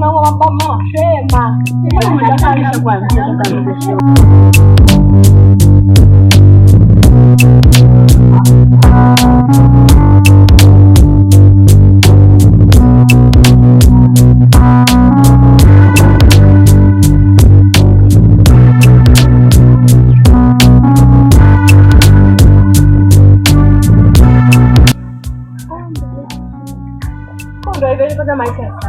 não hueva para mamá seca. Bueno, ya sabes a cuál, vejo fazer mais que essa.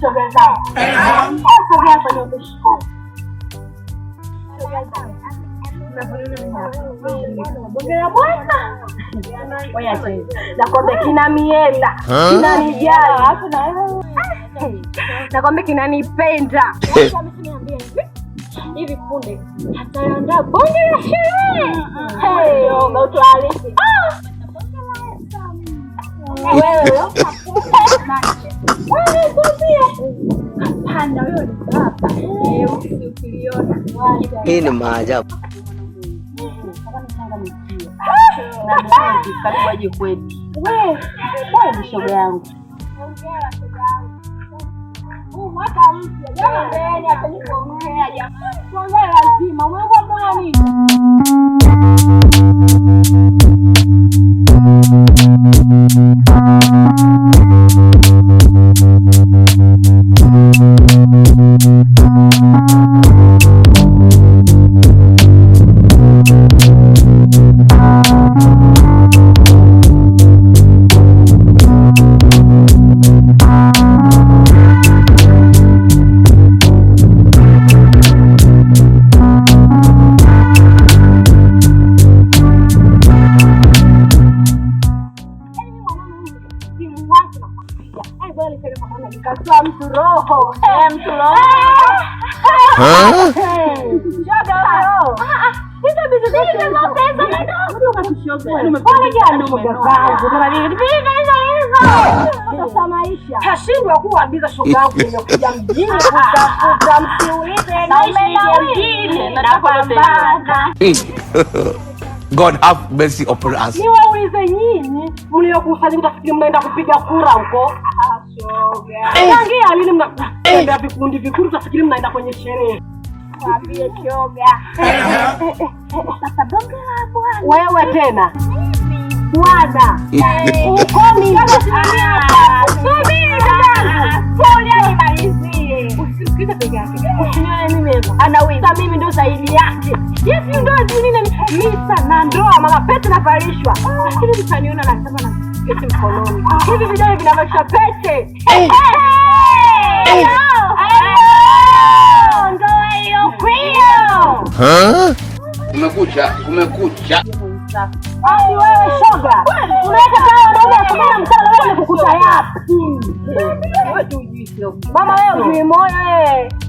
Sogea zangu, sogea kwenye Nakwambia kinamiela, kinanijala, nakwambia kinanipenda hivi punde ataandaa bonge la sherehe. Mm, mm. Hii ni maajabu. Shoga yangu lazima simu wake na eh, nikatoa mtu roho eh, mtu Kashindwa kuagiza shoga yangu nimekuja mjini ah, ah, ah, kutafuta msiulize naishi mjini na kupambana. God have mercy upon us. Niwaulize nyinyi mliokusanyika tafikiri mnaenda kupiga kura huko. Tangia lini mnaenda vikundi vikundi tafikiri mnaenda kwenye sherehe? Wewe tena. Bwana. Uko ni Subiri dadangu. Ah. Pole nimalizie. Usikize peke yake hivyo, anawiza mimi ndo zaidi yake. Yes, ndo tunina misa na ndoa mama pete navalishwa hivi, mtaniona nasema na pete mkononi hivi, vidole vinavalisha pete ndoa hiyo kwio. Kumekucha, kumekucha. Wewe shoga, unaweka kama mtala wewe, nikukuta yapi mama? Wewe ujui moyo wewe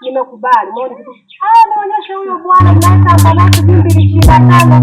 imekubali maoni. Haya, huyo bwana mnaweza ambalafu mbili ishirini na tano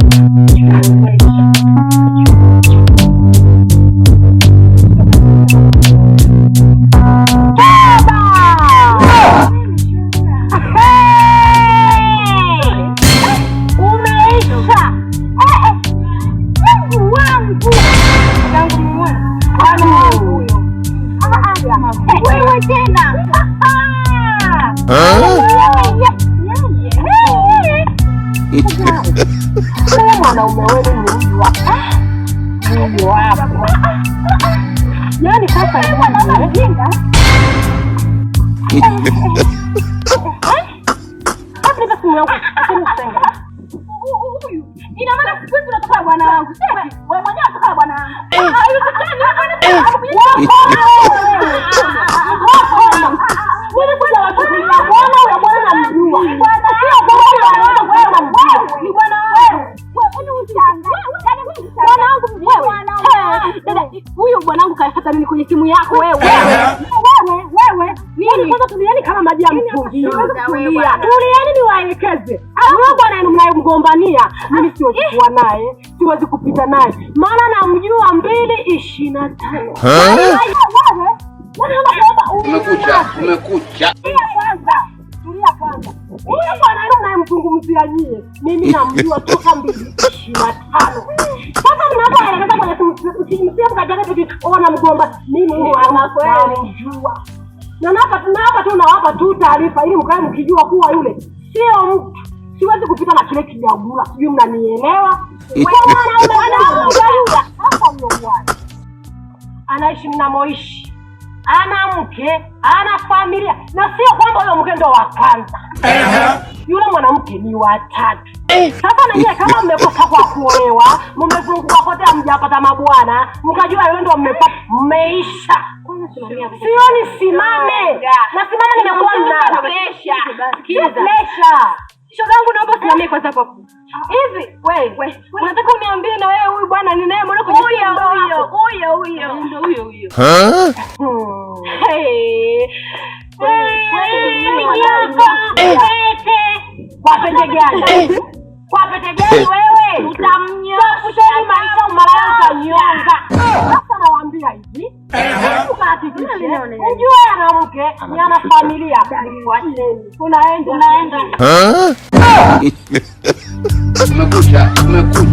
mwanaume wenu ni mji wa mji wapo, yaani sasa mjinga ina maana siku hizi unatoka bwana wangu, wewe mwenyewe unataka nini kwenye simu yako wewe? Wewe wewe, mimi yaani kwanza, tulieni kama maji ya yaani mtungi. Tulieni niwaelekeze. Alafu bwana yaani mgombania, ah, mimi siwezi eh. kuwa naye, siwezi kupita naye. Maana namjua mbili ishirini na tano. Umekucha, umekucha. Tulia kwanza. Huyo bwana unayemzungumzia nyie, mimi namjua toka mbili na tano. Sasa mnapoelekeza kwenye msimu kajaga ona mgomba, mimi huyo anamjua. Na hapa tu nawapa tu taarifa ili mkae mkijua kuwa yule sio mtu. Siwezi kupita na kile kijagula, sijui mnanielewa? Wewe mwana yule anaishi mnamoishi ana mke ana familia, na sio kwamba huyo mke ndo wa kwanza. Yule mwanamke ni watatu. Eh. Sasa na kama mmekosa kwa kuolewa, mmezunguka kote, hamjapata mabwana, mkajua yule ndo mmepata, mmeisha. Sio nisimame, na nimekuwa nimekuona presha. Presha shogangu, naomba simamie kwanza. Kwa hivi wewe unataka uniambie na wewe huyu bwana ninaye mwana kwenye huyo huyo huyo huyo huyo Ana familia tunaenda.